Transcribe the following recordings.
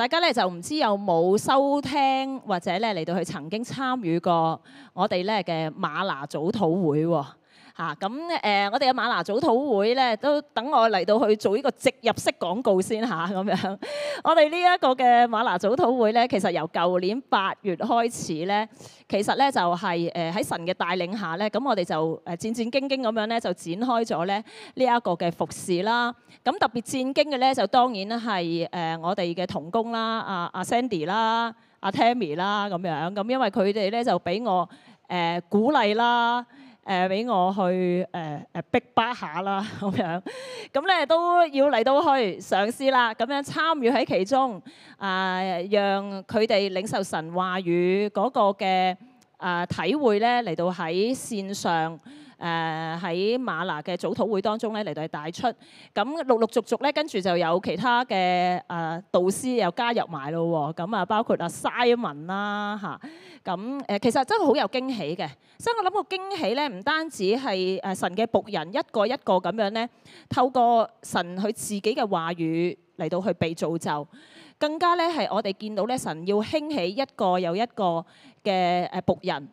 大家呢就唔知有冇收聽，或者呢嚟到去曾經參與過我哋咧嘅馬拿早禱會喎。嚇咁誒，我哋嘅馬拿組討會咧，都等我嚟到去做呢個植入式廣告先嚇咁樣。我哋呢一個嘅馬拿組討會咧，其實由舊年八月開始咧，其實咧就係誒喺神嘅帶領下咧，咁我哋就誒戰戰兢兢咁樣咧就展開咗咧呢一個嘅服侍啦。咁特別戰兢嘅咧，就當然係誒我哋嘅同工啦，阿阿 Sandy 啦，阿 Tammy 啦咁樣。咁因為佢哋咧就俾我誒鼓勵啦。誒俾、呃、我去誒誒、呃、逼巴下啦咁 樣，咁咧都要嚟到去嘗試啦，咁樣參與喺其中啊、呃，讓佢哋領受神話語嗰個嘅啊、呃、體會咧嚟到喺線上。誒喺馬拿嘅早土會當中咧嚟到係大出，咁陸陸續續咧跟住就有其他嘅誒導師又加入埋咯喎，咁啊包括阿 Simon 啦嚇，咁誒其實真係好有驚喜嘅，所以我諗個驚喜咧唔單止係誒神嘅僕人一個一個咁樣咧，透過神佢自己嘅話語嚟到去被造就，更加咧係我哋見到咧神要興起一個又一個嘅誒僕人。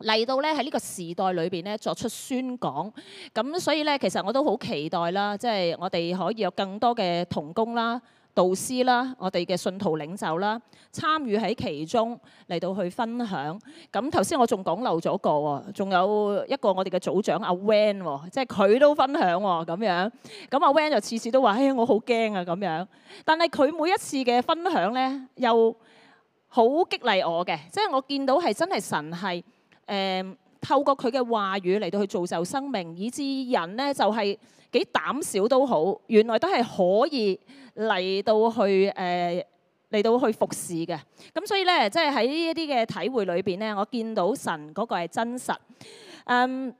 嚟到咧喺呢個時代裏邊咧作出宣講咁，所以咧其實我都好期待啦，即係我哋可以有更多嘅同工啦、導師啦、我哋嘅信徒領袖啦參與喺其中嚟到去分享。咁頭先我仲講漏咗個喎，仲有一個我哋嘅組長阿 Wayne，即係佢都分享喎咁樣。咁阿 Wayne 就次次都話，唉，我好驚啊咁樣。但係佢每一次嘅分享咧，又好激勵我嘅，即係我見到係真係神係。誒透過佢嘅話語嚟到去造就生命，以致人呢就係、是、幾膽小都好，原來都係可以嚟到去誒嚟、呃、到去服侍嘅。咁所以呢，即係喺呢一啲嘅體會裏邊呢，我見到神嗰個係真實。嗯、um,。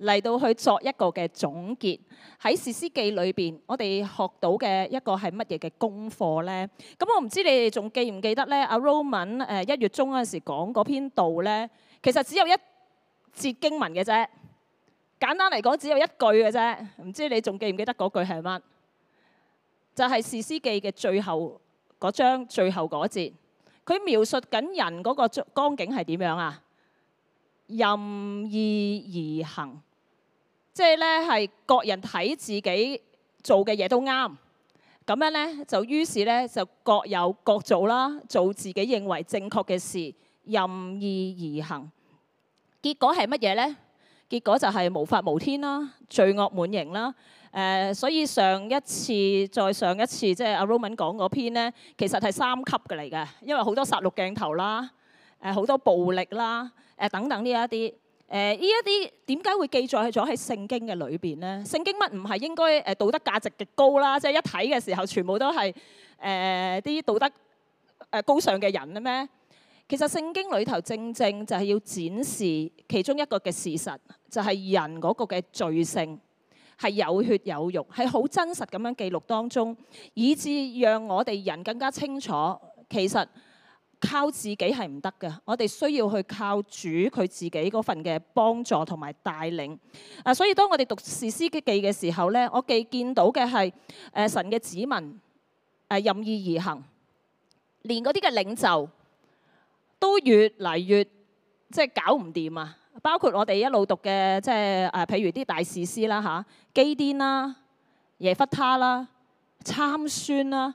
嚟到去作一個嘅總結喺《士師記》裏邊，我哋學到嘅一個係乜嘢嘅功課咧？咁、嗯、我唔知你哋仲記唔記得咧？阿 Roman 誒一月中嗰陣時講嗰篇道咧，其實只有一節經文嘅啫，簡單嚟講，只有一句嘅啫。唔知你仲記唔記得嗰句係乜？就係、是《士師記》嘅最後嗰章最後嗰節，佢描述緊人嗰個光景係點樣啊？任意而行。即係咧，係各人睇自己做嘅嘢都啱，咁樣咧就於是咧就各有各做啦，做自己認為正確嘅事，任意而行。結果係乜嘢咧？結果就係無法無天啦，罪惡滿盈啦。誒，所以上一次再上一次，即係阿 Roman 講嗰篇咧，其實係三級嘅嚟嘅，因為好多殺戮鏡頭啦，誒，好多暴力啦，誒，等等呢一啲。誒呢一啲點解會記載咗喺聖經嘅裏邊呢？聖經乜唔係應該誒道德價值極高啦？即係一睇嘅時候，全部都係誒啲道德誒高尚嘅人吖咩？其實聖經裏頭正正就係要展示其中一個嘅事實，就係人嗰個嘅罪性係有血有肉，係好真實咁樣記錄當中，以至讓我哋人更加清楚其實。靠自己係唔得嘅，我哋需要去靠主佢自己嗰份嘅幫助同埋帶領。啊，所以當我哋讀士師記嘅時候咧，我既見到嘅係誒神嘅子民誒、呃、任意而行，連嗰啲嘅領袖都越嚟越即係搞唔掂啊！包括我哋一路讀嘅即係誒、啊，譬如啲大士師啦嚇，基甸啦、啊、耶弗他啦、啊、參孫啦。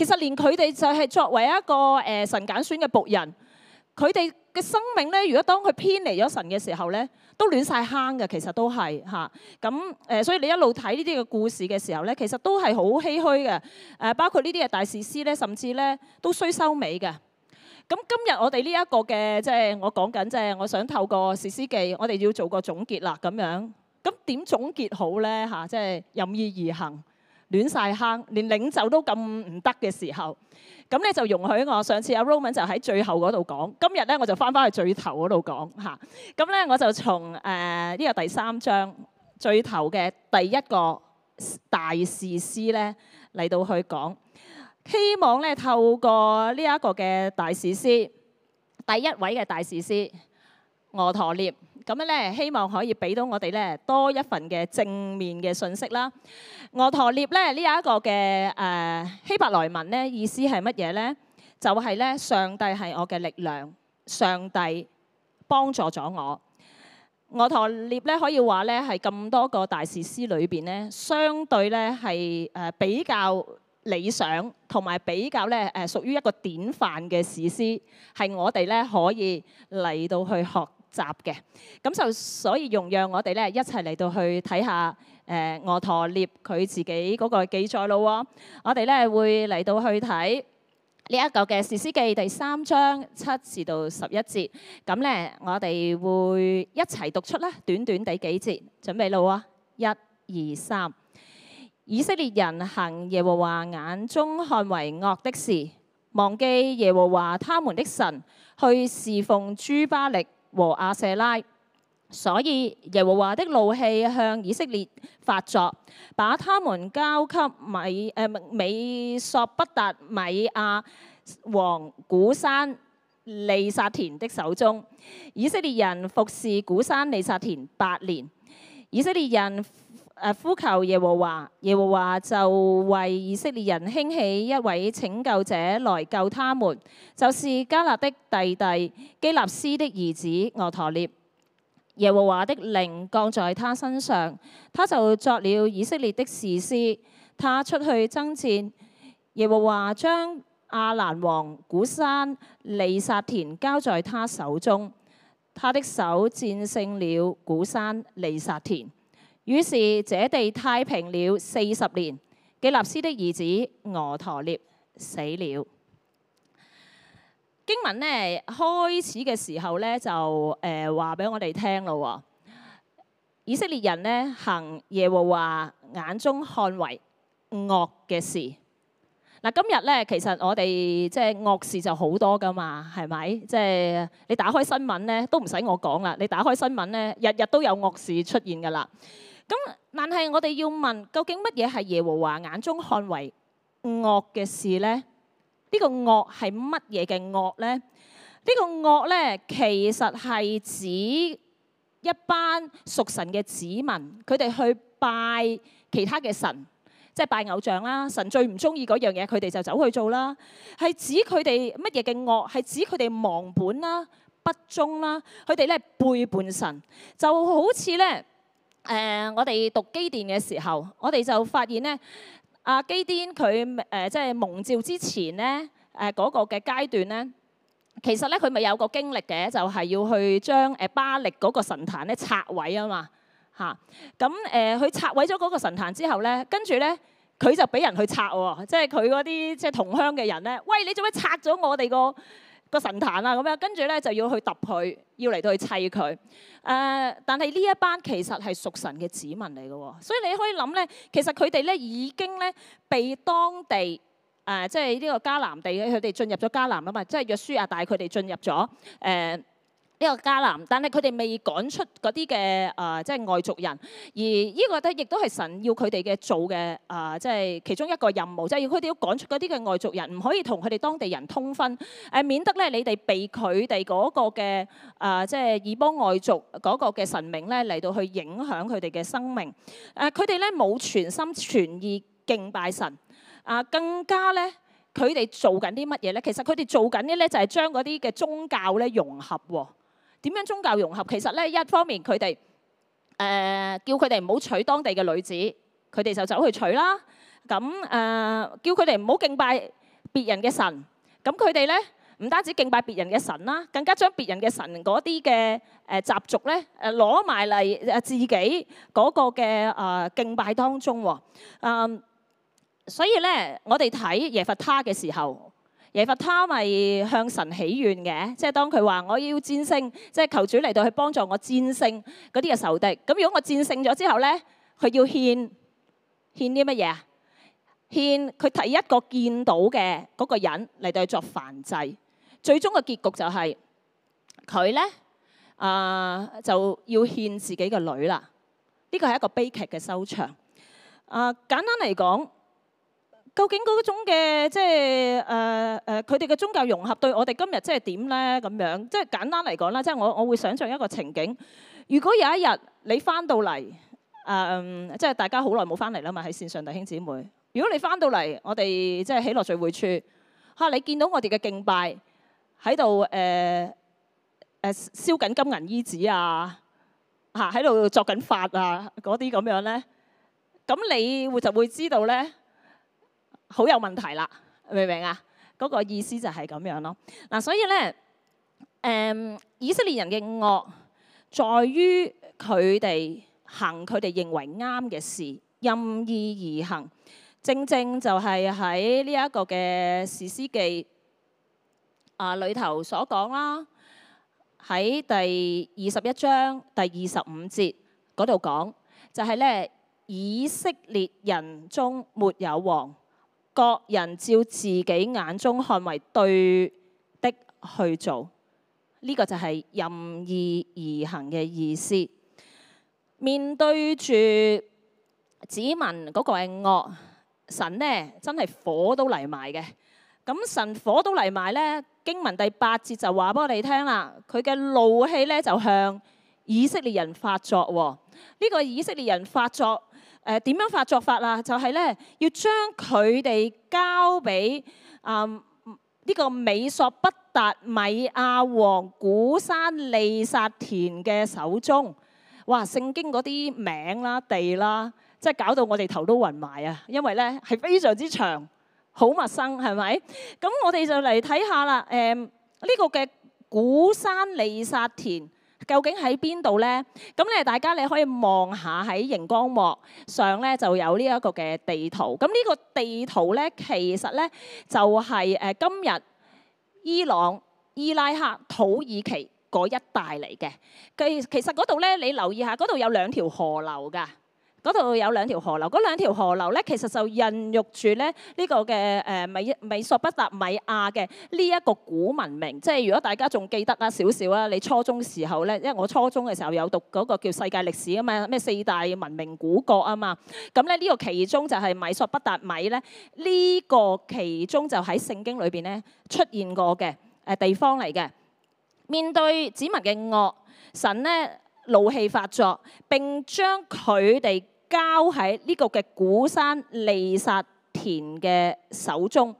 其實連佢哋就係作為一個誒神揀選嘅僕人，佢哋嘅生命咧，如果當佢偏離咗神嘅時候咧，都亂曬坑嘅。其實都係嚇咁誒，所以你一路睇呢啲嘅故事嘅時候咧，其實都係好唏噓嘅。誒，包括呢啲嘅大士師咧，甚至咧都衰收尾嘅。咁今日我哋呢一個嘅即係我講緊，即係我想透過《士師記》，我哋要做個總結啦。咁樣咁點總結好咧嚇？即係任意而行。亂晒坑，連領袖都咁唔得嘅時候，咁咧就容許我上次阿 Roman 就喺最後嗰度講，今日咧我就翻翻去最頭嗰度講嚇。咁、啊、咧我就從誒呢、呃這個第三章最頭嘅第一個士師咧嚟到去講，希望咧透過呢一個嘅士師，第一位嘅士師俄陀聶。咁樣咧，希望可以俾到我哋咧多一份嘅正面嘅信息啦。俄陀聶咧呢一個嘅誒希伯來文咧意思係乜嘢咧？就係咧上帝係我嘅力量，上帝幫助咗我。俄陀聶咧可以話咧係咁多個大士師裏邊咧，相對咧係誒比較理想同埋比較咧誒屬於一個典範嘅士師，係我哋咧可以嚟到去學。集嘅咁就所以，容讓我哋咧一齊嚟到去睇下誒《俄陀聶》佢自己嗰個記載啦。我哋咧會嚟到去睇呢一個嘅《士師記》第三章七至到十一節。咁咧，我哋會一齊讀出啦，短短哋幾節。準備啦，一、二、三。以色列人行耶和華眼中看為惡的事，忘記耶和華他們的神，去侍奉諸巴力。和亞舍拉，所以耶和華的怒氣向以色列發作，把他們交給米誒、啊、美索不達米亞王古山利薩田的手中。以色列人服侍古山利薩田八年。以色列人。誒呼求耶和華，耶和華就為以色列人興起一位拯救者來救他們，就是迦勒的弟弟基納斯的兒子俄陀聶。耶和華的靈降在他身上，他就作了以色列的士師。他出去爭戰，耶和華將亞蘭王古珊利薩田交在他手中，他的手戰勝了古珊利薩田。於是這地太平了四十年。基納斯的兒子俄陀聶死了。經文咧開始嘅時候咧就誒話俾我哋聽咯、哦。以色列人咧行耶和華眼中看為惡嘅事。嗱，今日咧其實我哋即係惡事就好多噶嘛，係咪？即係你打開新聞咧都唔使我講啦，你打開新聞咧日日都有惡事出現噶啦。咁，但係我哋要問，究竟乜嘢係耶和華眼中看為惡嘅事呢？呢個惡係乜嘢嘅惡呢？呢個惡呢，其實係指一班屬神嘅子民，佢哋去拜其他嘅神，即係拜偶像啦。神最唔中意嗰樣嘢，佢哋就走去做啦。係指佢哋乜嘢嘅惡？係指佢哋忘本啦、不忠啦，佢哋咧背叛神，就好似呢。誒、呃，我哋讀基甸嘅時候，我哋就發現咧，阿、啊、基甸佢誒即係蒙召之前咧，誒、呃、嗰、那個嘅階段咧，其實咧佢咪有個經歷嘅，就係、是、要去將誒、呃、巴力嗰個神壇咧拆毀啊嘛嚇。咁、啊、誒，佢、呃、拆毀咗嗰個神壇之後咧，跟住咧佢就俾人去拆喎、哦，即係佢嗰啲即係同鄉嘅人咧，喂，你做咩拆咗我哋個個神壇啊，咁樣跟住咧就要去揼佢，要嚟到去砌佢。誒、呃，但係呢一班其實係屬神嘅子民嚟嘅，所以你可以諗咧，其實佢哋咧已經咧被當地誒，即係呢個迦南地，佢哋進入咗迦南啊嘛，即係約書亞帶佢哋進入咗誒。呃呢個迦南，但係佢哋未趕出嗰啲嘅啊，即係外族人。而呢個咧，亦都係神要佢哋嘅做嘅啊，即係其中一個任務，就係要佢哋要趕出嗰啲嘅外族人，唔可以同佢哋當地人通婚，誒，免得咧你哋被佢哋嗰個嘅啊，即係異邦外族嗰個嘅神明咧嚟到去影響佢哋嘅生命。誒，佢哋咧冇全心全意敬拜神啊，更加咧佢哋做緊啲乜嘢咧？其實佢哋做緊啲咧就係將嗰啲嘅宗教咧融合喎。點樣宗教融合？其實咧，一方面佢哋誒叫佢哋唔好娶當地嘅女子，佢哋就走去娶啦。咁誒叫佢哋唔好敬拜別人嘅神，咁佢哋咧唔單止敬拜別人嘅神啦，更加將別人嘅神嗰啲嘅誒習俗咧誒攞埋嚟誒自己嗰個嘅誒敬拜當中喎。嗯，所以咧我哋睇耶弗他嘅時候。耶弗他咪向神祈願嘅，即係當佢話我要戰勝，即係求主嚟到去幫助我戰勝嗰啲嘅仇敵。咁如果我戰勝咗之後咧，佢要獻獻啲乜嘢？獻佢第一個見到嘅嗰個人嚟到去作燔祭。最終嘅結局就係佢咧啊就要獻自己嘅女啦。呢個係一個悲劇嘅收場。啊，呃，簡單嚟講。究竟嗰種嘅即係誒誒，佢哋嘅宗教融合對我哋今日即係點咧？咁樣即係簡單嚟講啦，即係我我會想像一個情景。如果有一日你翻到嚟，嗯、呃，即係大家好耐冇翻嚟啦嘛，喺線上弟兄姊妹。如果你翻到嚟，我哋即係喜樂聚會處嚇、啊，你見到我哋嘅敬拜喺度誒誒燒緊金銀衣紙啊嚇，喺度、啊、作緊法啊嗰啲咁樣咧，咁你會就會知道咧。好有問題啦，明唔明啊？嗰、那個意思就係咁樣咯。嗱、啊，所以咧，誒、嗯，以色列人嘅惡在於佢哋行佢哋認為啱嘅事，任意而行。正正就係喺呢一個嘅士師記啊裏、呃、頭所講啦。喺第二十一章第二十五節嗰度講，就係、是、咧，以色列人中沒有王。各人照自己眼中看為對的去做。呢個就係任意而行嘅意思。面對住子民嗰個係惡，神呢真係火都嚟埋嘅。咁神火都嚟埋呢，經文第八節就話俾我哋聽啦，佢嘅怒氣呢，就向以色列人發作。呢個以色列人發作。誒點、呃、樣發作法啊？就係、是、咧，要將佢哋交俾啊呢個美索不達米亞王古山利薩田嘅手中。哇！聖經嗰啲名啦、地啦，即係搞到我哋頭都暈埋啊！因為咧係非常之長，好陌生係咪？咁我哋就嚟睇下啦。誒、呃、呢、這個嘅古山利薩田。究竟喺邊度呢？咁咧，大家你可以望下喺熒光幕上咧，就有呢一個嘅地圖。咁呢個地圖咧，其實咧就係誒今日伊朗、伊拉克、土耳其嗰一帶嚟嘅。其其實嗰度咧，你留意下，嗰度有兩條河流㗎。嗰度有兩條河流，嗰兩條河流咧，其實就孕育住咧呢、這個嘅誒、呃、美美索不達米亞嘅呢一個古文明。即係如果大家仲記得啊，少少啊，你初中時候咧，因為我初中嘅時候有讀嗰個叫世界歷史啊嘛，咩四大文明古國啊嘛，咁咧呢個其中就係美索不達米咧呢、這個其中就喺聖經裏邊咧出現過嘅誒、呃、地方嚟嘅。面對子民嘅惡，神咧。怒氣發作，並將佢哋交喺呢個嘅古山利薩田嘅手中。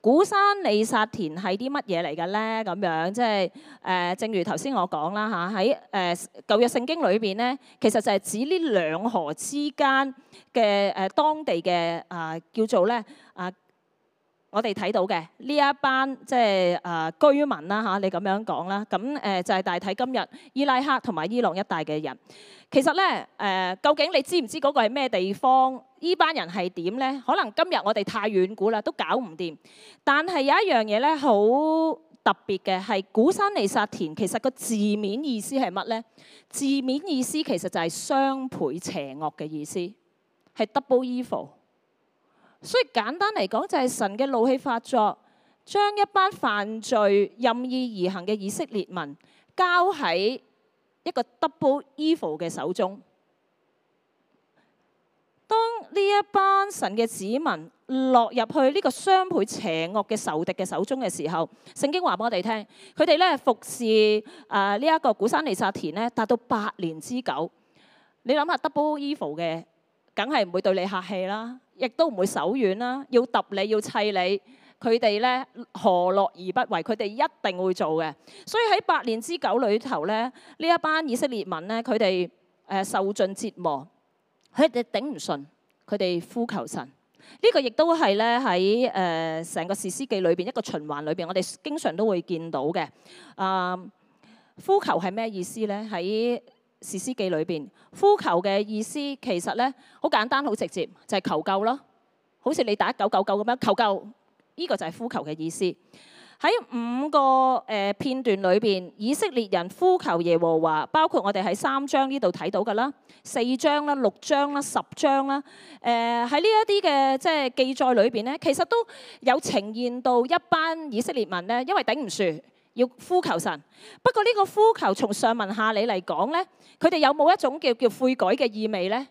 古山利薩田係啲乜嘢嚟嘅咧？咁樣即係誒、呃，正如頭先我講啦嚇，喺誒舊約聖經裏邊咧，其實就係指呢兩河之間嘅誒當地嘅啊、呃、叫做咧啊。呃我哋睇到嘅呢一班即係誒、呃、居民啦嚇，你咁樣講啦，咁、呃、誒就係、是、大體今日伊拉克同埋伊朗一帶嘅人，其實咧誒、呃，究竟你知唔知嗰個係咩地方？依班人係點咧？可能今日我哋太遠古啦，都搞唔掂。但係有一樣嘢咧，好特別嘅係古珊利薩田，其實個字面意思係乜咧？字面意思其實就係雙倍邪惡嘅意思，係 double evil。所以簡單嚟講，就係神嘅怒氣發作，將一班犯罪任意而行嘅以色列民交喺一個 double evil 嘅手中。當呢一班神嘅子民落入去呢個雙倍邪惡嘅仇敵嘅手中嘅時候，聖經話俾我哋聽，佢哋咧服侍啊呢一個古珊利薩田呢達到八年之久。你諗下 double evil 嘅，梗係唔會對你客氣啦。亦都唔會手軟啦，要揼你，要砌你，佢哋咧何樂而不為？佢哋一定會做嘅。所以喺百年之久裏頭咧，呢一班以色列民咧，佢哋誒受盡折磨，佢哋頂唔順，佢哋呼求神。呢、這個亦都係咧喺誒成個士師記裏邊一個循環裏邊，我哋經常都會見到嘅。啊、呃，呼求係咩意思咧？喺士師記裏邊，呼求嘅意思其實呢，好簡單好直接，就係、是、求救咯。好似你打一九九九咁樣求救，呢、這個就係呼求嘅意思。喺五個誒、呃、片段裏邊，以色列人呼求耶和華，包括我哋喺三章呢度睇到嘅啦，四章啦、六章啦、十章啦。誒喺呢一啲嘅即係記載裏邊呢，其實都有呈現到一班以色列民呢，因為頂唔住。要呼求神，不過呢個呼求從上文下理嚟講呢，佢哋有冇一種叫叫悔改嘅意味呢？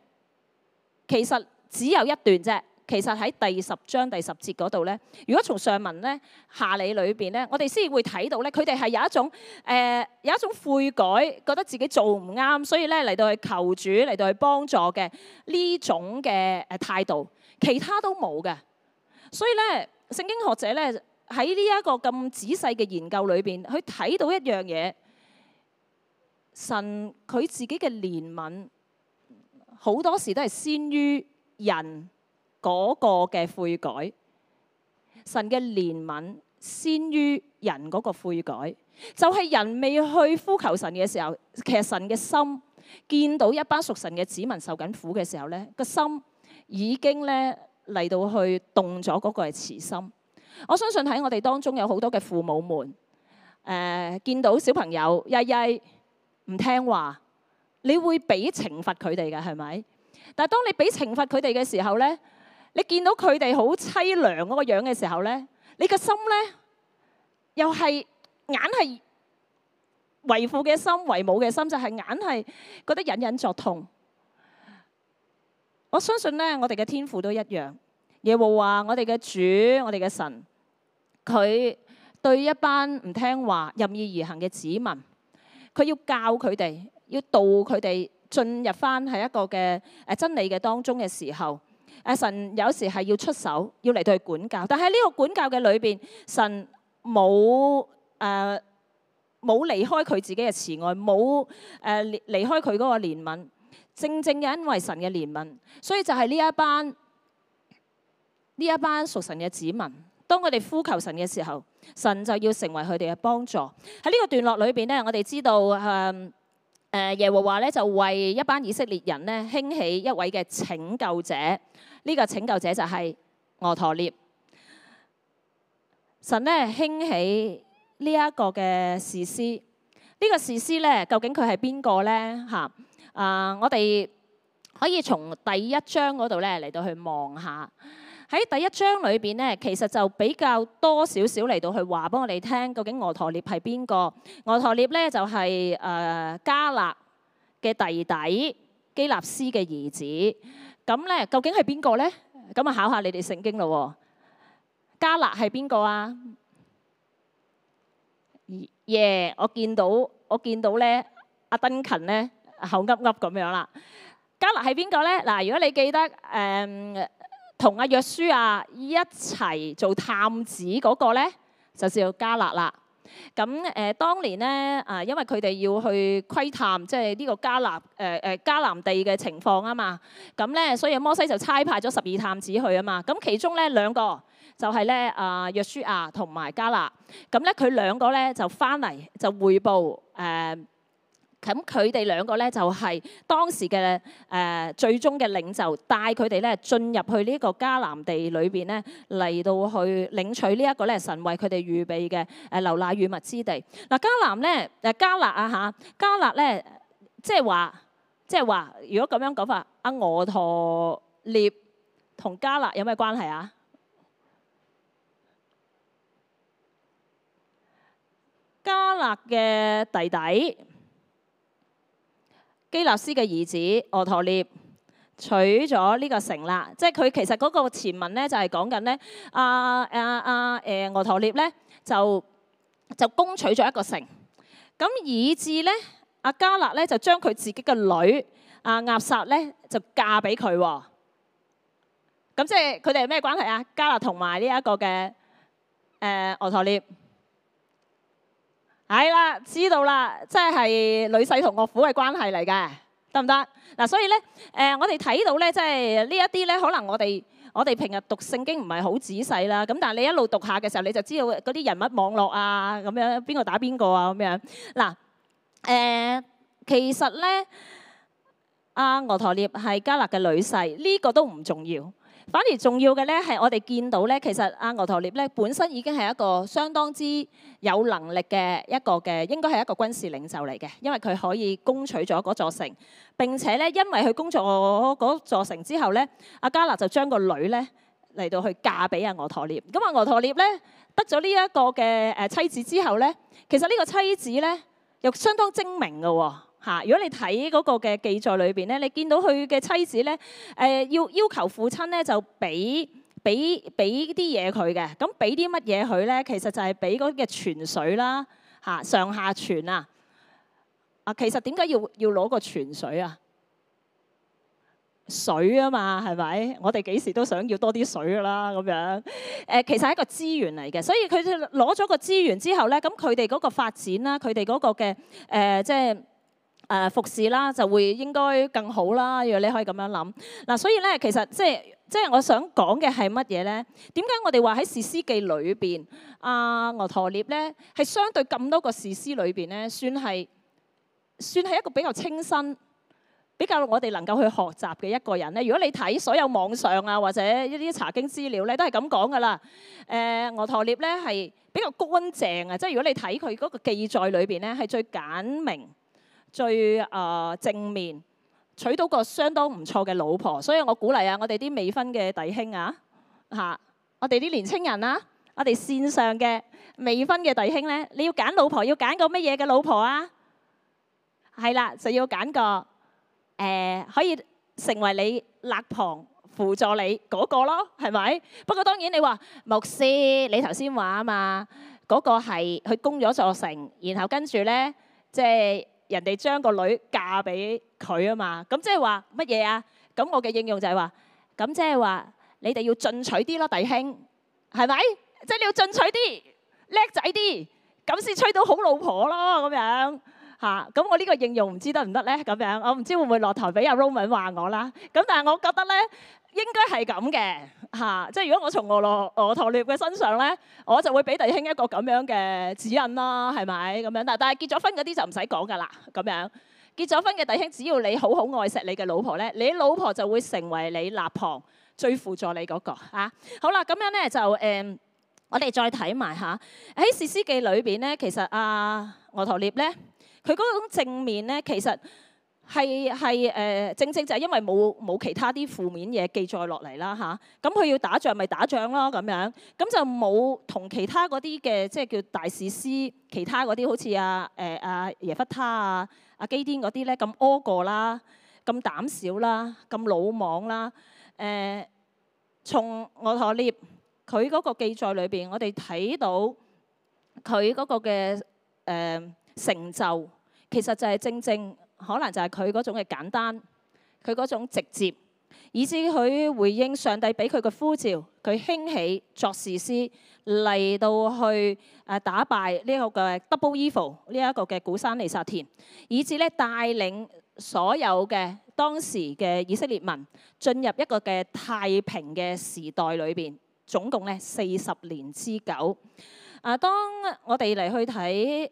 其實只有一段啫。其實喺第十章第十節嗰度呢，如果從上文呢下理裏邊呢，我哋先會睇到呢，佢哋係有一種誒、呃、有一種悔改，覺得自己做唔啱，所以呢嚟到去求主嚟到去幫助嘅呢種嘅誒態度，其他都冇嘅。所以呢，聖經學者呢。喺呢一個咁仔細嘅研究裏邊，佢睇到一樣嘢：神佢自己嘅憐憫好多時都係先於人嗰個嘅悔改。神嘅憐憫先於人嗰個悔改，就係人未去呼求神嘅時候，其實神嘅心見到一班屬神嘅子民受緊苦嘅時候咧，個心已經咧嚟到去動咗嗰個係慈心。我相信喺我哋當中有好多嘅父母們，誒、呃，見到小朋友曳曳唔聽話，你會俾懲罰佢哋嘅，係咪？但係當你俾懲罰佢哋嘅時候咧，你見到佢哋好淒涼嗰個樣嘅時候咧，你個心咧又係硬係為父嘅心，為母嘅心就係硬係覺得隱隱作痛。我相信咧，我哋嘅天父都一樣。耶和華，我哋嘅主，我哋嘅神，佢對一班唔聽話、任意而行嘅子民，佢要教佢哋，要導佢哋進入翻喺一個嘅誒真理嘅當中嘅時候，誒神有時係要出手，要嚟到去管教，但係呢個管教嘅裏邊，神冇誒冇離開佢自己嘅慈愛，冇誒、呃、離開佢嗰個憐憫，正正嘅因為神嘅憐憫，所以就係呢一班。呢一班屬神嘅子民，當佢哋呼求神嘅時候，神就要成為佢哋嘅幫助喺呢個段落裏邊呢我哋知道誒誒、嗯，耶和華呢就為一班以色列人呢興起一位嘅拯救者。呢、這個拯救者就係俄陀聶神呢興起呢一個嘅士師。呢、這個士師呢究竟佢係邊個呢？吓啊！我哋可以從第一章嗰度呢嚟到去望下。喺第一章裏邊咧，其實就比較多少少嚟到去話，幫我哋聽究竟俄陀聶係邊個？俄陀聶咧就係誒加勒嘅弟弟基納斯嘅兒子。咁咧究竟係邊個咧？咁啊考下你哋聖經咯喎！加勒係邊個啊？耶！我見到我見到咧，阿登勤咧口噏噏咁樣啦。加勒係邊個咧？嗱，如果你記得誒。同阿約書亞一齊做探子嗰個咧，就是、叫做迦勒啦。咁誒、呃，當年咧啊、呃，因為佢哋要去窺探，即係呢個迦勒誒誒迦南地嘅情況啊嘛。咁咧，所以摩西就差派咗十二探子去啊嘛。咁其中咧兩個就係咧啊約書亞同埋迦勒。咁咧佢兩個咧就翻嚟就彙報誒。呃咁佢哋兩個咧就係、是、當時嘅誒、呃、最終嘅領袖，帶佢哋咧進入去呢一個迦南地裏邊咧，嚟到去領取呢一個咧神為佢哋預備嘅誒、呃、流奶與蜜之地。嗱、啊、迦南咧誒迦勒啊嚇，迦勒咧、啊、即係話即係話，如果咁樣講法，阿俄陀聶同迦勒有咩關係啊？迦勒嘅弟弟。基納斯嘅兒子俄陀涅取咗呢個城啦，即係佢其實嗰個前文咧就係講緊咧，阿阿阿誒俄陀涅咧就就攻取咗一個城，咁以致咧阿加勒咧就將佢自己嘅女阿押撒咧就嫁俾佢，咁即係佢哋係咩關係啊？加勒同埋呢一個嘅誒俄陀涅。係啦，知道啦，即係女婿同岳父嘅關係嚟嘅，得唔得嗱？所以咧，誒、呃，我哋睇到咧，即係呢一啲咧，可能我哋我哋平日讀聖經唔係好仔細啦。咁但係你一路讀下嘅時候，你就知道嗰啲人物網絡啊，咁樣邊個打邊個啊，咁樣嗱。誒、啊呃，其實咧，阿、啊、俄陀聶係迦勒嘅女婿，呢、這個都唔重要。反而重要嘅咧，係我哋見到咧，其實阿俄陀獅咧本身已經係一個相當之有能力嘅一個嘅，應該係一個軍事領袖嚟嘅，因為佢可以攻取咗嗰座城。並且咧，因為佢攻咗嗰座城之後咧，阿迦勒就將個女咧嚟到去嫁俾阿俄陀聶。咁阿俄陀聶咧得咗呢一個嘅誒妻子之後咧，其實呢個妻子咧又相當精明嘅喎。嚇！如果你睇嗰個嘅記載裏邊咧，你見到佢嘅妻子咧，誒、呃、要要求父親咧就俾俾俾啲嘢佢嘅，咁俾啲乜嘢佢咧？其實就係俾嗰嘅泉水啦，嚇上下泉啊！啊，其實點解要要攞個泉水啊？水啊嘛，係咪？我哋幾時都想要多啲水㗎啦、啊，咁樣誒、呃，其實係一個資源嚟嘅，所以佢攞咗個資源之後咧，咁佢哋嗰個發展啦，佢哋嗰個嘅誒、呃、即係。誒、呃、服侍啦，就會應該更好啦。如果你可以咁樣諗，嗱、啊，所以咧，其實即係即係我想講嘅係乜嘢咧？點解我哋話喺《士師記》裏邊，阿、呃、俄陀列咧係相對咁多個士師裏邊咧，算係算係一個比較清新、比較我哋能夠去學習嘅一個人咧。如果你睇所有網上啊或者一啲查經資料咧，都係咁講噶啦。誒、呃，俄陀列咧係比較乾淨啊，即係如果你睇佢嗰個記載裏邊咧，係最簡明。最誒正面娶到個相當唔錯嘅老婆，所以我鼓勵啊，我哋啲未婚嘅弟兄啊，嚇我哋啲年青人啦，我哋線上嘅未婚嘅弟兄咧，你要揀老婆，要揀個乜嘢嘅老婆啊？係啦，就要揀個誒可以成為你肋旁輔助你嗰個咯，係咪？不過當然你話牧師，你頭先話啊嘛，嗰個係佢攻咗座城，然後跟住咧即係。人哋將個女嫁俾佢啊嘛，咁即係話乜嘢啊？咁我嘅應用就係話，咁即係話你哋要進取啲咯，弟兄，係咪？即係你要進取啲，叻仔啲，咁先娶到好老婆咯，咁樣嚇。咁我呢個應用唔知得唔得咧？咁樣我唔知會唔會落台俾阿 Roman 話我啦。咁但係我覺得咧。應該係咁嘅嚇，即係如果我從俄羅俄陀聶嘅身上咧，我就會俾弟兄一個咁樣嘅指引啦，啊，係咪咁樣？但係結咗婚嗰啲就唔使講噶啦，咁樣結咗婚嘅弟兄，只要你好好愛錫你嘅老婆咧，你老婆就會成為你肋旁最輔助你嗰、那個、啊、好啦，咁樣咧就誒、嗯，我哋再睇埋嚇喺《士師記》裏邊咧，其實阿俄陀聶咧，佢嗰種正面咧，其實。啊係係誒，正正就係因為冇冇其他啲負面嘢記載落嚟啦嚇，咁、啊、佢要打仗咪打仗咯咁樣，咁就冇同其他嗰啲嘅即係叫大士師，其他嗰啲好似阿誒阿耶弗他啊、阿、啊、基甸嗰啲咧，咁屙過啦，咁膽小啦，咁魯莽啦。誒、呃，從俄陀聶佢嗰個記載裏邊，我哋睇到佢嗰個嘅誒、呃、成就，其實就係正正，正。可能就係佢嗰種嘅簡單，佢嗰種直接，以致佢回應上帝俾佢嘅呼召，佢興起作士師嚟到去誒打敗呢個嘅 Double Evil 呢一個嘅古珊利薩田，以致咧帶領所有嘅當時嘅以色列民進入一個嘅太平嘅時代裏邊，總共咧四十年之久。啊，當我哋嚟去睇。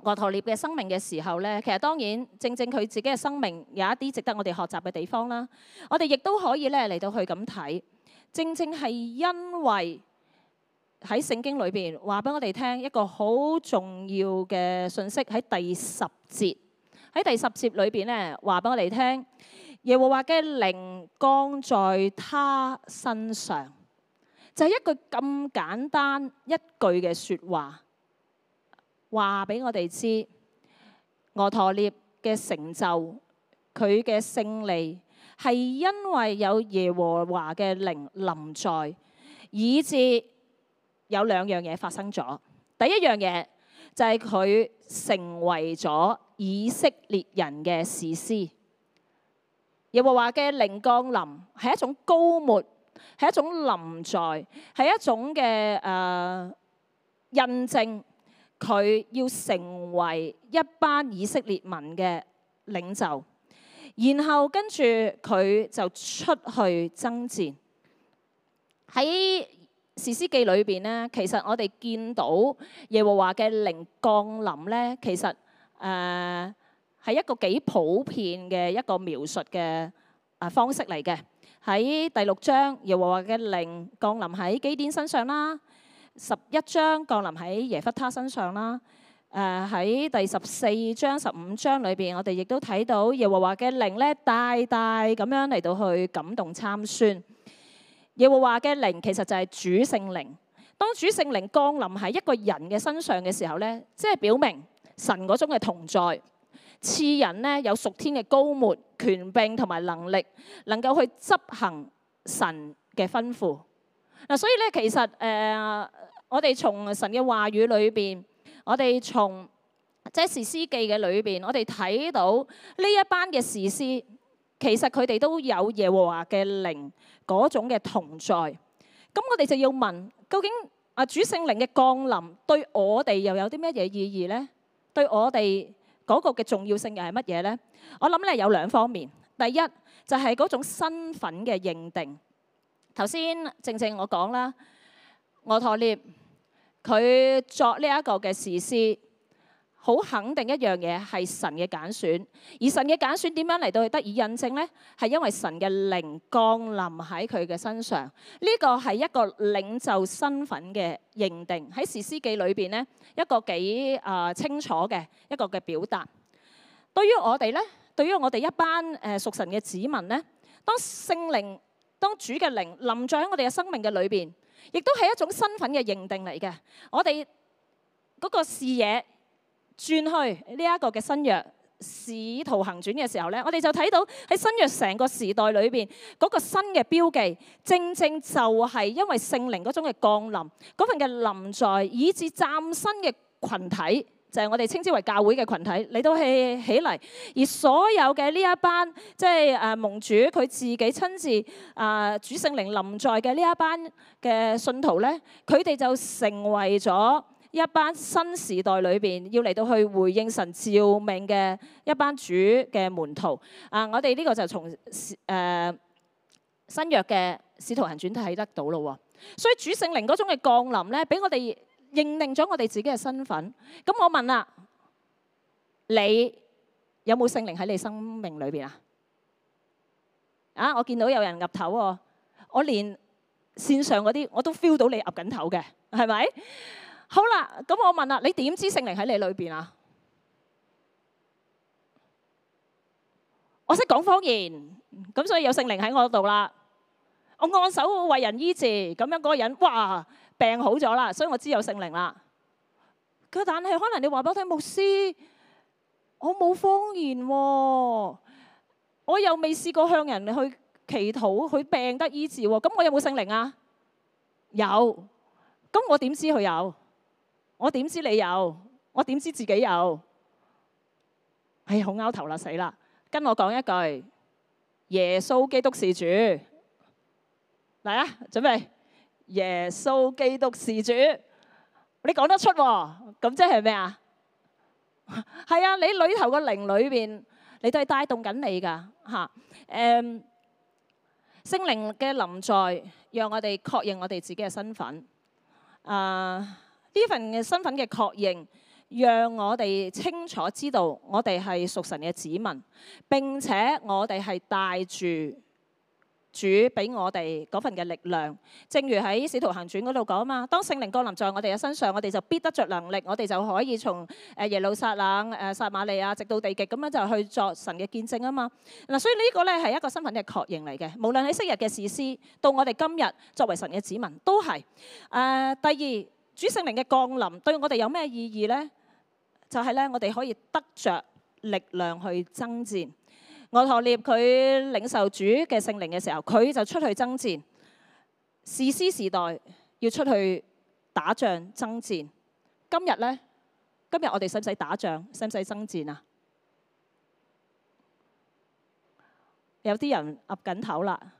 駱駝獵嘅生命嘅時候呢，其實當然正正佢自己嘅生命有一啲值得我哋學習嘅地方啦。我哋亦都可以咧嚟到去咁睇，正正係因為喺聖經裏邊話俾我哋聽一個好重要嘅信息，喺第十節，喺第十節裏邊咧話俾我哋聽，耶和華嘅靈光在他身上，就係、是、一句咁簡單一句嘅說話。話俾我哋知，俄陀聶嘅成就，佢嘅勝利係因為有耶和華嘅靈臨在，以至有兩樣嘢發生咗。第一樣嘢就係、是、佢成為咗以色列人嘅士師。耶和華嘅靈降臨係一種膏抹，係一種臨在，係一種嘅誒、呃、印證。佢要成為一班以色列民嘅領袖，然後跟住佢就出去爭戰。喺《士師記》裏邊呢，其實我哋見到耶和華嘅靈降臨呢，其實誒係、呃、一個幾普遍嘅一個描述嘅啊方式嚟嘅。喺第六章，耶和華嘅靈降臨喺基甸身上啦。十一章降臨喺耶弗他身上啦，誒、呃、喺第十四章、十五章裏邊，我哋亦都睇到耶和華嘅靈咧，大大咁樣嚟到去感動參孫。耶和華嘅靈其實就係主聖靈，當主聖靈降臨喺一個人嘅身上嘅時候咧，即係表明神嗰種嘅同在，賜人呢，有屬天嘅高末權柄同埋能力，能夠去執行神嘅吩咐。嗱，所以咧，其實誒、呃，我哋從神嘅話語裏邊，我哋從即係士師記嘅裏邊，我哋睇到呢一班嘅士師，其實佢哋都有耶和華嘅靈嗰種嘅同在。咁我哋就要問，究竟啊主聖靈嘅降臨對我哋又有啲乜嘢意義咧？對我哋嗰個嘅重要性又係乜嘢咧？我諗咧有兩方面，第一就係、是、嗰種身份嘅認定。頭先正正我講啦，俄陀聶佢作呢一個嘅士師，好肯定一樣嘢係神嘅揀選，而神嘅揀選點樣嚟到去得以印證咧？係因為神嘅靈降臨喺佢嘅身上，呢個係一個領袖身份嘅認定喺《士師記》裏邊咧，一個幾啊清楚嘅一個嘅表達。對於我哋咧，對於我哋一班誒屬神嘅子民咧，當聖靈當主嘅靈臨在喺我哋嘅生命嘅裏邊，亦都係一種身份嘅認定嚟嘅。我哋嗰個視野轉去呢一個嘅新約使徒行傳嘅時候呢，我哋就睇到喺新約成個時代裏邊嗰個新嘅標記，正正就係因為聖靈嗰種嘅降臨，嗰份嘅臨在，以至嶄新嘅群體。就係我哋稱之為教會嘅群體，你都係起嚟，而所有嘅呢一班即係誒蒙主佢自己親自誒、呃、主聖靈臨在嘅呢一班嘅信徒咧，佢哋就成為咗一班新時代裏邊要嚟到去回應神召命嘅一班主嘅門徒。啊、呃，我哋呢個就從誒、呃、新約嘅使徒行傳睇得到咯喎。所以主聖靈嗰種嘅降臨咧，俾我哋。認定咗我哋自己嘅身份，咁我問啦：你有冇聖靈喺你生命裏邊啊？啊！我見到有人岌頭喎，我連線上嗰啲我都 feel 到你岌緊頭嘅，係咪？好啦，咁我問啦：你點知聖靈喺你裏邊啊？我識講方言，咁所以有聖靈喺我度啦。我按手為人醫治，咁樣嗰個人，哇！病好咗啦，所以我知有聖靈啦。佢但係可能你話俾我聽，牧師，我冇方言，哦，我又未試過向人去祈禱，佢病得醫治，哦，咁我有冇聖靈啊？有，咁我點知佢有？我點知你有？我點知，我點知自己有？哎，好拗頭啦，死啦！跟我講一句，耶穌基督是主。嚟啊，準備。耶穌基督是主，你講得出喎、哦？咁即係咩啊？係 啊！你裏頭個靈裏邊，你都係帶動緊你噶嚇。誒、啊，聖靈嘅臨在，讓我哋確認我哋自己嘅身份。啊！呢份嘅身份嘅確認，讓我哋清楚知道我哋係屬神嘅子民，並且我哋係帶住。主俾我哋嗰份嘅力量，正如喺《使徒行傳》嗰度講嘛，當聖靈降臨在我哋嘅身上，我哋就必得著能力，我哋就可以從耶路撒冷、撒瑪利亞直到地極，咁樣就去作神嘅見證啊嘛。嗱，所以呢個咧係一個身份嘅確認嚟嘅，無論你昔日嘅士師，到我哋今日作為神嘅子民都係。誒，第二，主聖靈嘅降臨對我哋有咩意義咧？就係咧，我哋可以得著力量去爭戰。俄陀聶佢領受主嘅聖靈嘅時候，佢就出去爭戰。士師時代要出去打仗爭戰。今日呢？今日我哋使唔使打仗？使唔使爭戰啊？有啲人岌緊頭啦，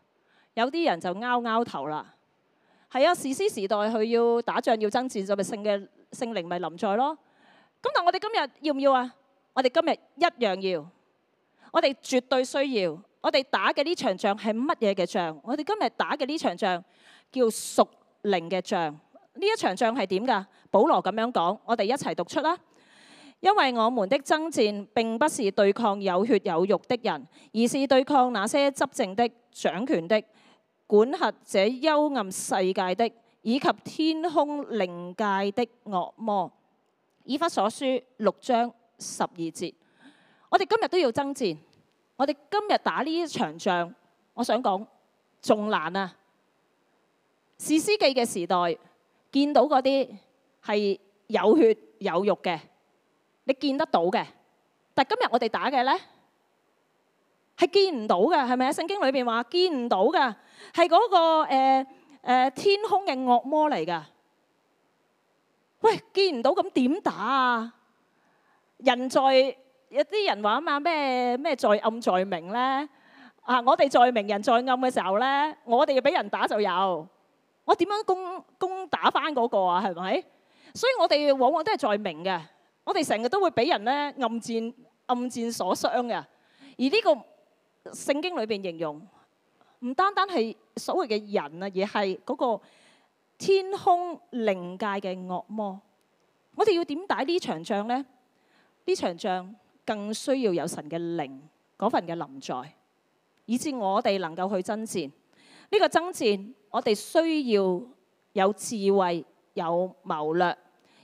有啲人就拗拗頭啦。係啊，士師時代佢要打仗要爭戰，就咪聖嘅聖靈咪臨在咯。咁但我哋今日要唔要啊？我哋今日一樣要。我哋絕對需要，我哋打嘅呢場仗係乜嘢嘅仗？我哋今日打嘅呢場仗叫屬靈嘅仗。呢一場仗係點㗎？保羅咁樣講，我哋一齊讀出啦。因為我們的爭戰並不是對抗有血有肉的人，而是對抗那些執政的、掌權的、管轄這幽暗世界的，以及天空靈界的惡魔。以弗所書六章十二節。我哋今日都要爭戰，我哋今日打呢一場仗，我想講仲難啊！士師記嘅時代見到嗰啲係有血有肉嘅，你見得到嘅。但今日我哋打嘅咧係見唔到嘅，係咪？喺聖經裏邊話見唔到嘅，係嗰、嗰個誒、呃呃、天空嘅惡魔嚟嘅。喂，見唔到咁點打啊？人在。有啲人話啊嘛，咩咩在暗在明咧啊！我哋在明人在暗嘅時候咧，我哋要俾人打就有。我點樣攻攻打返嗰個啊？係咪？所以我哋往往都係在明嘅，我哋成日都會俾人咧暗箭暗箭所傷嘅。而呢個聖經裏邊形容唔單單係所謂嘅人啊，而係嗰個天空靈界嘅惡魔。我哋要點打呢場仗咧？呢場仗。更需要有神嘅靈嗰份嘅臨在，以至我哋能夠去爭戰。呢、這個爭戰，我哋需要有智慧、有謀略。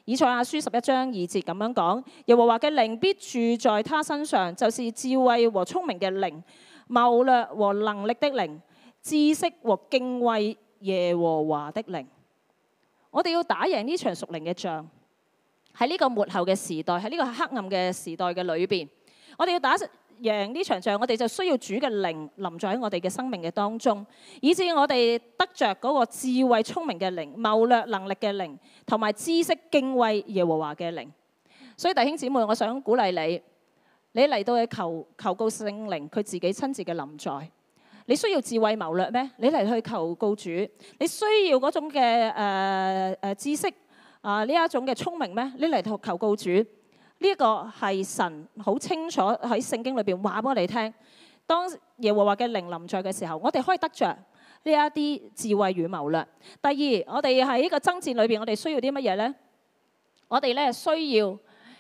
以賽亞書十一章二節咁樣講，耶和華嘅靈必住在他身上，就是智慧和聰明嘅靈，謀略和能力的靈，知識和敬畏耶和華的靈。我哋要打贏呢場屬靈嘅仗。喺呢個末後嘅時代，喺呢個黑暗嘅時代嘅裏邊，我哋要打贏呢場仗，我哋就需要主嘅靈臨在喺我哋嘅生命嘅當中，以致我哋得着嗰個智慧聰明嘅靈、謀略能力嘅靈，同埋知識敬畏耶和華嘅靈。所以弟兄姊妹，我想鼓勵你，你嚟到去求求告聖靈，佢自己親自嘅臨在。你需要智慧謀略咩？你嚟去求告主。你需要嗰種嘅誒誒知識。啊！呢一種嘅聰明咩？你嚟求告主，呢一個係神好清楚喺聖經裏邊話俾我哋聽。當耶和華嘅靈臨在嘅時候，我哋可以得着呢一啲智慧與謀略。第二，我哋喺呢個爭戰裏邊，我哋需要啲乜嘢咧？我哋咧需要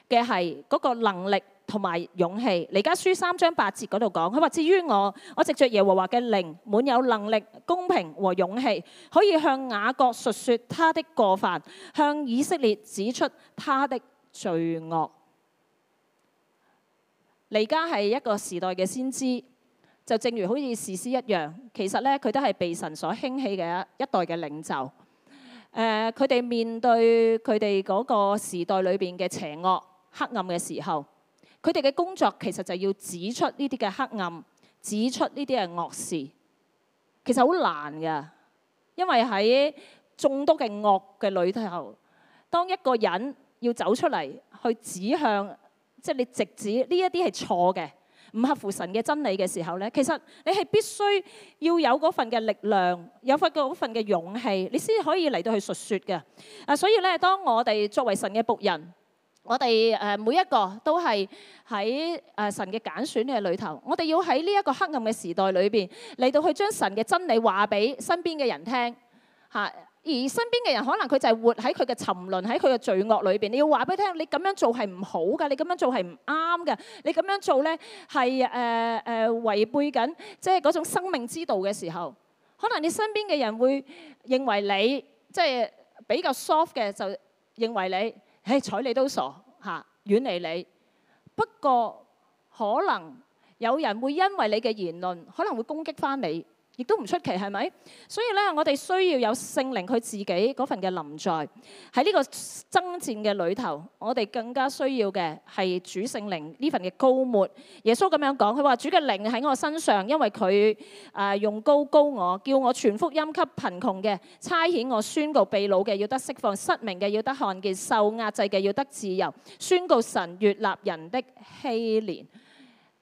嘅係嗰個能力。同埋勇氣。彌迦書三章八節嗰度講，佢話：至於我，我藉著耶和華嘅靈，滿有能力、公平和勇氣，可以向雅各述説他的過犯，向以色列指出他的罪惡。彌迦係一個時代嘅先知，就正如好似士師一樣，其實呢，佢都係被神所興起嘅一一代嘅領袖。誒、呃，佢哋面對佢哋嗰個時代裏邊嘅邪惡、黑暗嘅時候。佢哋嘅工作其實就要指出呢啲嘅黑暗，指出呢啲嘅惡事，其實好難嘅，因為喺眾多嘅惡嘅裏頭，當一個人要走出嚟去指向，即係你直指呢一啲係錯嘅，唔合乎神嘅真理嘅時候咧，其實你係必須要有嗰份嘅力量，有嗰份嘅嗰份嘅勇氣，你先可以嚟到去述説嘅。啊，所以咧，當我哋作為神嘅僕人。我哋誒每一個都係喺誒神嘅揀選嘅裏頭，我哋要喺呢一個黑暗嘅時代裏邊嚟到去將神嘅真理話俾身邊嘅人聽吓。而身邊嘅人可能佢就係活喺佢嘅沉淪喺佢嘅罪惡裏邊，你要話俾佢聽，你咁樣做係唔好噶，你咁樣做係唔啱噶，你咁樣做咧係誒誒違背緊即係嗰種生命之道嘅時候，可能你身邊嘅人會認為你即係比較 soft 嘅，就認為你。唉，睬、hey，你都傻嚇，遠、啊、離你。不過可能有人會因為你嘅言論可能會攻擊翻你。亦都唔出奇，係咪？所以咧，我哋需要有聖靈佢自己嗰份嘅臨在喺呢個爭戰嘅裏頭。我哋更加需要嘅係主聖靈呢份嘅高末。耶穌咁樣講，佢話：主嘅靈喺我身上，因為佢啊、呃、用高高我，叫我全福音給貧窮嘅差遣我，我宣告被擄嘅要得釋放，失明嘅要得看見，受壓制嘅要得自由，宣告神越立人的希憐。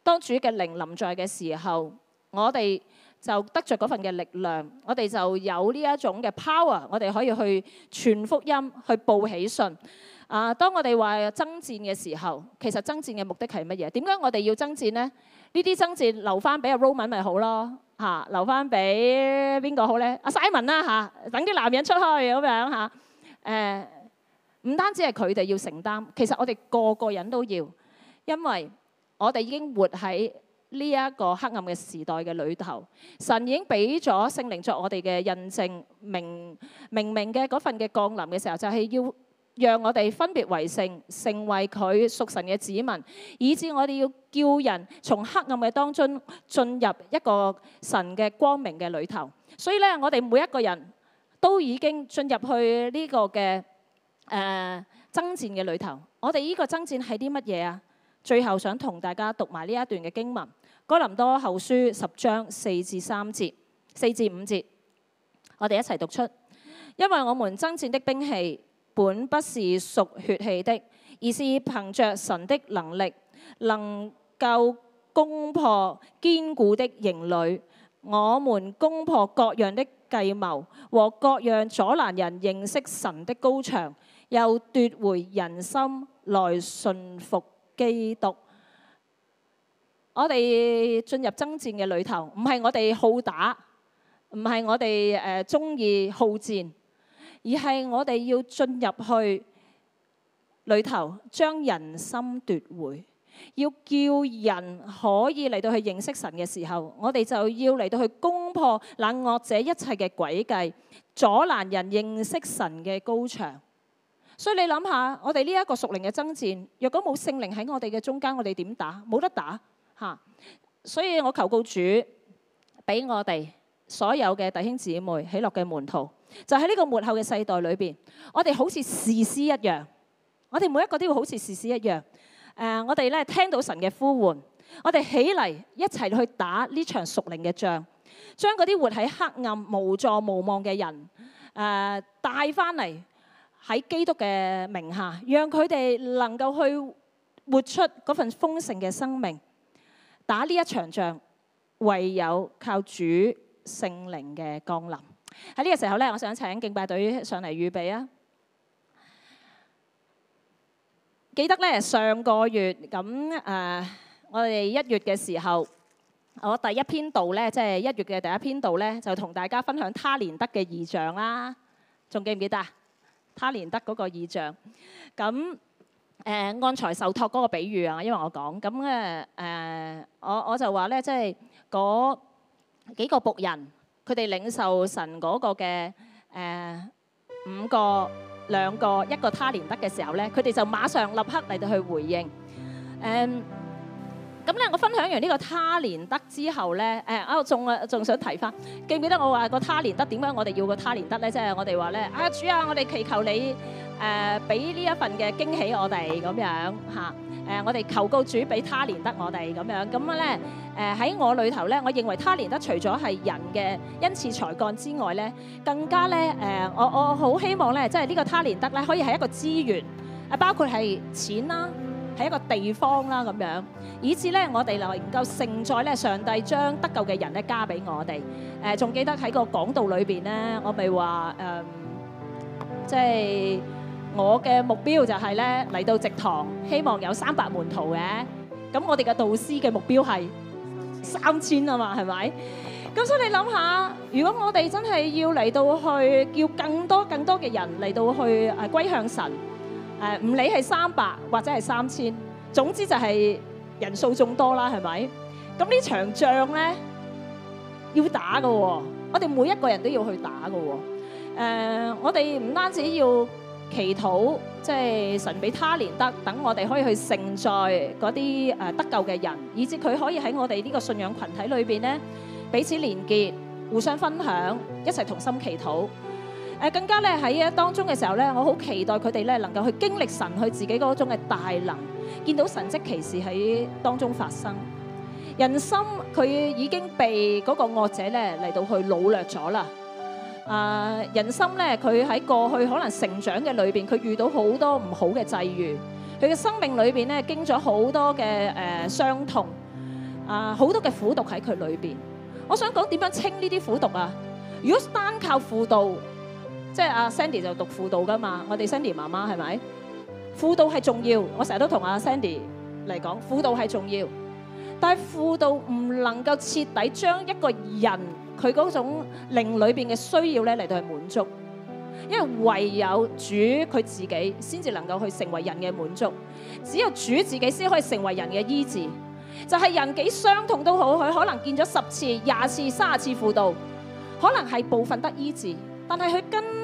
當主嘅靈臨在嘅時候，我哋。就得著嗰份嘅力量，我哋就有呢一種嘅 power，我哋可以去傳福音、去報喜信。啊，當我哋話爭戰嘅時候，其實爭戰嘅目的係乜嘢？點解我哋要爭戰咧？呢啲爭戰留翻俾阿 Roman 咪好咯，嚇留翻俾邊個好咧？阿 Simon 啦嚇，等啲男人出去咁樣嚇。誒，唔單止係佢哋要承擔，其實我哋個個人都要，因為我哋已經活喺呢一個黑暗嘅時代嘅裏頭，神已經俾咗聖靈作我哋嘅印證，明明明嘅嗰份嘅降臨嘅時候，就係要讓我哋分別為聖，成為佢屬神嘅子民，以至我哋要叫人從黑暗嘅當中進入一個神嘅光明嘅裏頭。所以咧，我哋每一個人都已經進入去呢個嘅誒爭戰嘅裏頭。我哋呢個爭戰係啲乜嘢啊？最後想同大家讀埋呢一段嘅經文，《哥林多後書》十章四至三節，四至五節，我哋一齊讀出。因為我們爭戰的兵器本不是屬血氣的，而是憑著神的能力，能夠攻破堅固的營壘。我們攻破各樣的計謀和各樣阻攔人認識神的高牆，又奪回人心來信服。基督，我哋進入爭戰嘅裏頭，唔係我哋好打，唔係我哋誒中意好戰，而係我哋要進入去裏頭，將人心奪回，要叫人可以嚟到去認識神嘅時候，我哋就要嚟到去攻破那惡者一切嘅詭計，阻攔人認識神嘅高牆。所以你諗下，我哋呢一個屬靈嘅爭戰，若果冇聖靈喺我哋嘅中間，我哋點打？冇得打，吓！所以我求告主，俾我哋所有嘅弟兄姊妹，喜樂嘅門徒，就喺呢個末後嘅世代裏邊，我哋好似士師一樣，我哋每一個都會好似士師一樣，誒、呃，我哋咧聽到神嘅呼喚，我哋起嚟一齊去打呢場屬靈嘅仗，將嗰啲活喺黑暗、無助、無望嘅人，誒、呃，帶翻嚟。喺基督嘅名下，讓佢哋能夠去活出嗰份豐盛嘅生命，打呢一場仗，唯有靠主聖靈嘅降臨。喺呢個時候咧，我想請敬拜隊上嚟預備啊！記得咧，上個月咁誒、呃，我哋一月嘅時候，我第一篇道咧，即係一月嘅第一篇道咧，就同大家分享他連德嘅異象啦。仲記唔記得？他連得嗰個意象，咁誒、呃、按才受託嗰個比喻啊，因為我講咁咧誒，我我就話咧，即係嗰幾個僕人，佢哋領受神嗰個嘅誒、呃、五個、兩個、一個他連得嘅時候咧，佢哋就馬上立刻嚟到去回應誒。呃咁咧，我分享完呢個他連得之後呢，誒、呃、仲想提返，記唔記得我話個他連得點解我哋要個他連得呢？即、就、係、是、我哋話呢，啊主啊，我哋祈求你誒俾呢一份嘅驚喜我哋咁樣嚇、啊、我哋求告主俾他連得我哋咁樣。咁咧喺我裏頭呢，我認為他連得除咗係人嘅恩賜才幹之外呢，更加呢，呃、我我好希望呢，即係呢個他連得咧，可以係一個資源，包括係錢啦。喺一個地方啦咁樣，以致咧我哋能夠盛載咧上帝將得救嘅人咧加俾我哋。誒，仲記得喺個講道裏邊咧，我咪話誒，即係我嘅目標就係咧嚟到植堂，希望有三百門徒嘅。咁我哋嘅導師嘅目標係三千啊嘛，係咪？咁所以你諗下，如果我哋真係要嚟到去叫更多更多嘅人嚟到去誒歸向神。誒，唔理係三百或者係三千，總之就係人數眾多啦，係咪？咁呢場仗咧要打噶，我哋每一個人都要去打噶。誒，我哋唔單止要祈禱，即係神俾他憐德，等我哋可以去承載嗰啲誒得救嘅人，以致佢可以喺我哋呢個信仰群體裏邊咧彼此連結，互相分享，一齊同心祈禱。誒，更加咧喺當中嘅時候咧，我好期待佢哋咧能夠去經歷神，去自己嗰種嘅大能，見到神跡奇事喺當中發生。人心佢已經被嗰個惡者咧嚟到去擄掠咗啦。誒，人心咧佢喺過去可能成長嘅裏邊，佢遇到好多唔好嘅際遇，佢嘅生命裏邊咧經咗好多嘅誒傷痛，啊，好多嘅苦毒喺佢裏邊。我想講點樣清呢啲苦毒啊？如果單靠輔導，即係阿 Sandy 就讀輔導㗎嘛，我哋 Sandy 媽媽係咪？輔導係重要，我成日都同阿 Sandy 嚟講，輔導係重要。但係輔導唔能夠徹底將一個人佢嗰種靈裏邊嘅需要咧嚟到去滿足，因為唯有主佢自己先至能夠去成為人嘅滿足，只有主自己先可以成為人嘅醫治。就係人幾傷痛都好，佢可能見咗十次、廿次、卅次輔導，可能係部分得醫治，但係佢跟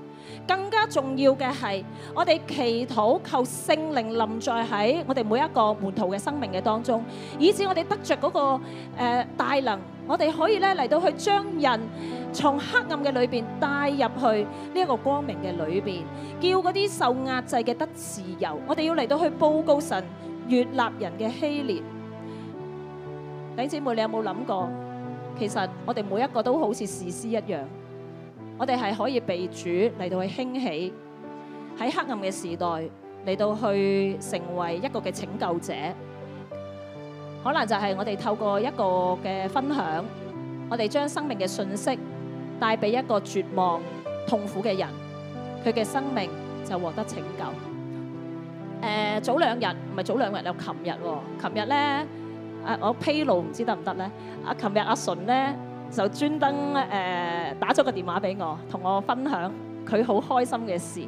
更加重要嘅係，我哋祈禱求聖靈臨在喺我哋每一個門徒嘅生命嘅當中，以致我哋得著嗰個誒大能，我哋可以咧嚟到去將人從黑暗嘅裏邊帶入去呢一個光明嘅裏邊，叫嗰啲受壓制嘅得自由。我哋要嚟到去報告神越納人嘅禧年。弟兄姊妹，你有冇諗過？其實我哋每一個都好似士師一樣。我哋係可以被主嚟到去興起，喺黑暗嘅時代嚟到去成為一個嘅拯救者，可能就係我哋透過一個嘅分享，我哋將生命嘅信息帶俾一個絕望痛苦嘅人，佢嘅生命就獲得拯救。呃，早兩日，唔係早兩日，有琴日喎，琴日呢，啊，我披露唔知得唔得呢？啊，琴日阿純呢。就專登誒打咗個電話俾我，同我分享佢好開心嘅事。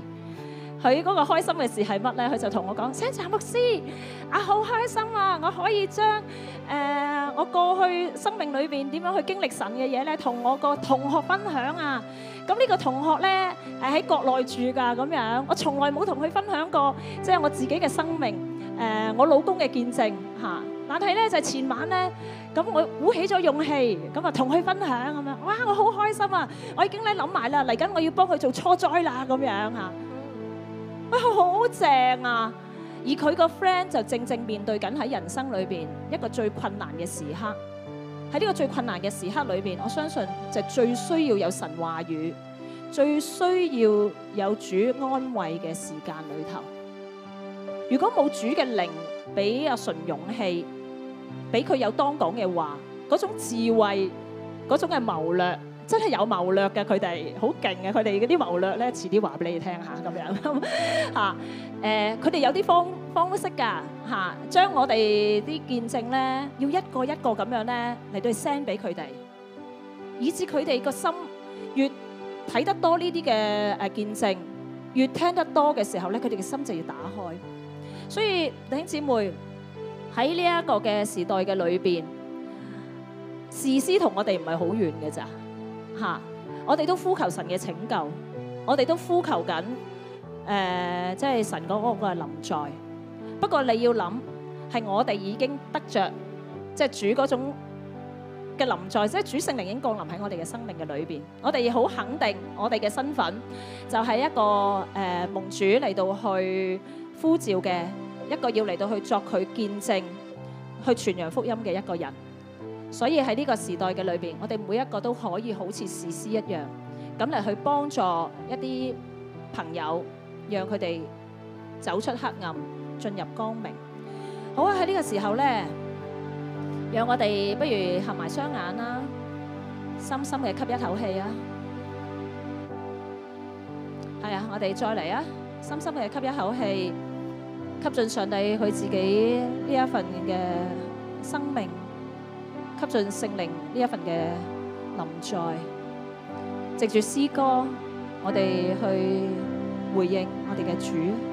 佢嗰個開心嘅事係乜呢？佢就同我講，Sandra 牧師，我、啊、好開心啊！我可以將誒、呃、我過去生命裏邊點樣去經歷神嘅嘢呢，同我個同學分享啊。咁呢個同學呢，誒、呃、係喺國內住㗎，咁樣我從來冇同佢分享過，即係我自己嘅生命，誒、呃、我老公嘅見證嚇。啊但係咧就係前晚咧，咁我鼓起咗勇氣，咁啊同佢分享咁樣，哇我好開心啊！我已經咧諗埋啦，嚟緊我要幫佢做初栽啦咁樣吓，哇好正啊！而佢個 friend 就正正面對緊喺人生裏邊一個最困難嘅時刻，喺呢個最困難嘅時刻裏邊，我相信就最需要有神話語，最需要有主安慰嘅時間裏頭。如果冇主嘅靈俾阿純勇氣，俾佢有當講嘅話，嗰種智慧，嗰種嘅謀略，真係有謀略嘅佢哋，好勁嘅佢哋嗰啲謀略咧，遲啲話俾你哋聽下咁樣，吓，誒，佢哋有啲方方式噶，吓，將我哋啲見證咧，要一個一個咁樣咧嚟到去 send 俾佢哋，以致佢哋個心越睇得多呢啲嘅誒見證，越聽得多嘅時候咧，佢哋嘅心就要打開，所以弟兄姊妹。喺呢一個嘅時代嘅裏邊，士師同我哋唔係好遠嘅咋，嚇、啊！我哋都呼求神嘅拯救，我哋都呼求緊，誒、呃，即係神嗰個嘅臨在。不過你要諗，係我哋已經得着即係主嗰種嘅臨在，即係主聖靈已經降臨喺我哋嘅生命嘅裏邊。我哋好肯定我哋嘅身份，就係一個誒、呃、蒙主嚟到去呼召嘅，一個要嚟到去作佢見證，去傳揚福音嘅一個人，所以喺呢個時代嘅裏邊，我哋每一個都可以好似士師一樣，咁嚟去幫助一啲朋友，讓佢哋走出黑暗，進入光明。好啊，喺呢個時候咧，讓我哋不如合埋雙眼啦，深深嘅吸一口氣啊。係啊，我哋再嚟啊，深深嘅吸一口氣。吸進上帝佢自己呢一份嘅生命，吸進聖靈呢一份嘅臨在，藉住詩歌，我哋去回應我哋嘅主。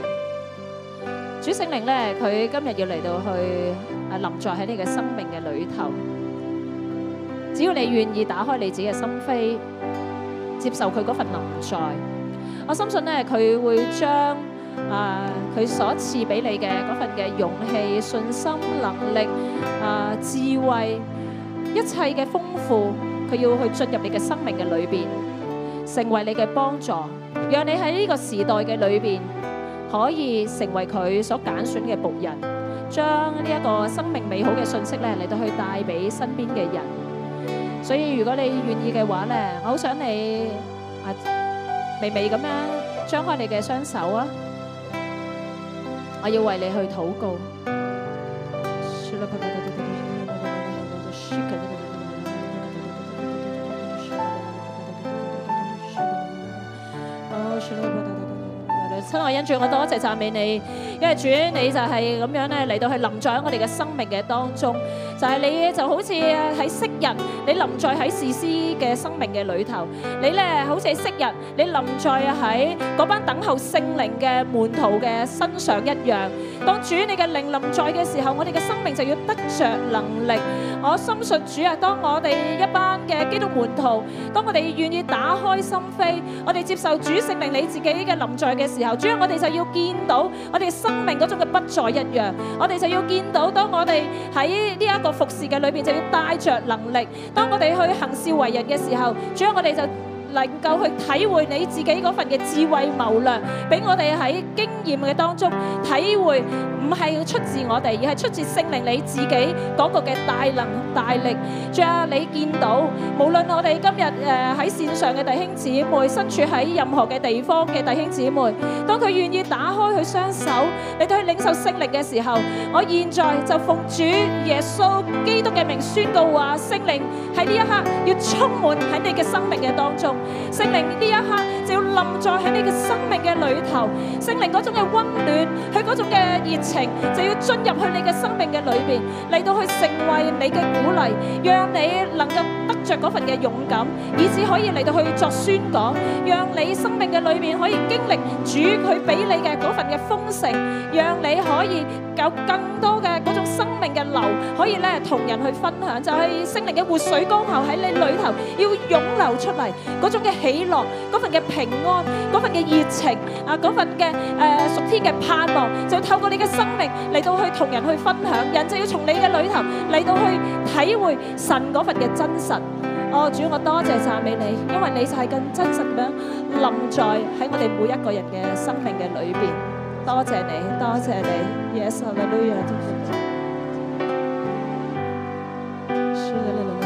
主聖靈咧，佢今日要嚟到去啊，臨在喺你嘅生命嘅裏頭。只要你願意打開你自己嘅心扉，接受佢嗰份臨在，我深信咧佢會將啊佢所賜俾你嘅嗰份嘅勇氣、信心、能力、啊智慧、一切嘅豐富，佢要去進入你嘅生命嘅裏邊，成為你嘅幫助，讓你喺呢個時代嘅裏邊。可以成為佢所揀選嘅僕人，將呢一個生命美好嘅信息咧嚟到去帶俾身邊嘅人。所以如果你願意嘅話咧，我好想你啊微微咁樣張開你嘅雙手啊！我要為你去禱告。算跟住我多謝讚美你，因為主，你就係咁樣咧嚟到去臨在我哋嘅生命嘅當中，就係、是、你就好似喺昔日，你臨在喺士師嘅生命嘅裏頭，你咧好似昔日，你臨在喺嗰班等候聖靈嘅門徒嘅身上一樣。當主你嘅靈臨在嘅時候，我哋嘅生命就要得着能力。我深信主啊！當我哋一班嘅基督門徒，當我哋願意打開心扉，我哋接受主聖靈你自己嘅臨在嘅時候，主要我哋就要見到我哋生命嗰種嘅不再一樣。我哋就要見到，當我哋喺呢一個服侍嘅裏邊，就要帶着能力。當我哋去行事為人嘅時候，主要我哋就，能夠去體會你自己嗰份嘅智慧謀略，俾我哋喺經驗嘅當中體會，唔係要出自我哋，而係出自聖靈你自己嗰個嘅大能大力。仲有你見到，無論我哋今日誒喺線上嘅弟兄姊妹，身處喺任何嘅地方嘅弟兄姊妹，當佢願意打開佢雙手嚟到去領受聖靈嘅時候，我現在就奉主耶穌基督嘅名宣告話：聖靈喺呢一刻要充滿喺你嘅生命嘅當中。聖靈呢一刻就要臨在喺你嘅生命嘅裏頭，聖靈嗰種嘅溫暖，佢嗰種嘅熱情，就要進入去你嘅生命嘅裏邊，嚟到去成為你嘅鼓勵，讓你能夠得着嗰份嘅勇敢，以致可以嚟到去作宣講，讓你生命嘅裏面可以經歷主佢俾你嘅嗰份嘅豐盛，讓你可以有更多嘅嗰種生命嘅流，可以咧同人去分享，就係聖靈嘅活水光流喺你裏頭，要湧流出嚟中嘅喜樂，嗰份嘅平安，嗰份嘅熱情，啊，嗰份嘅誒屬天嘅盼望，就透過你嘅生命嚟到去同人去分享，人就要從你嘅裏頭嚟到去體會神嗰份嘅真實。哦，主，我多謝讚美你，因為你就係咁真實咁樣臨在喺我哋每一個人嘅生命嘅裏邊。多謝你，多謝你。Yes，alleluia。